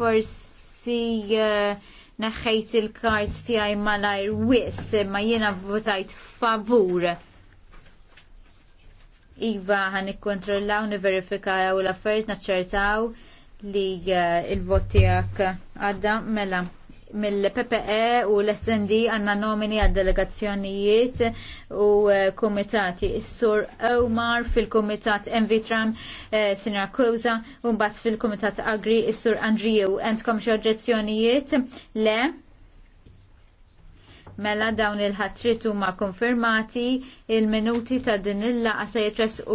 forsi eh, naħħejt il-kart tiegħi malajr wis, imma jiena votajt favur. Iva għan ikkontrollaw, niverifikaw l-affarijiet naċċertaw li eh, il-vot tiegħek għadda mela mill-PPE u l-SND għanna nomini għad delegazzjonijiet u eh, komitati. Sur Omar fil-komitat Envitram, eh, Sinra Kouza, un-bat fil-komitat Agri, Sur Andriju. Entkom xoġġezzjonijiet le? Mela dawn il ħatritu huma konfermati il-minuti ta' din il-laqa se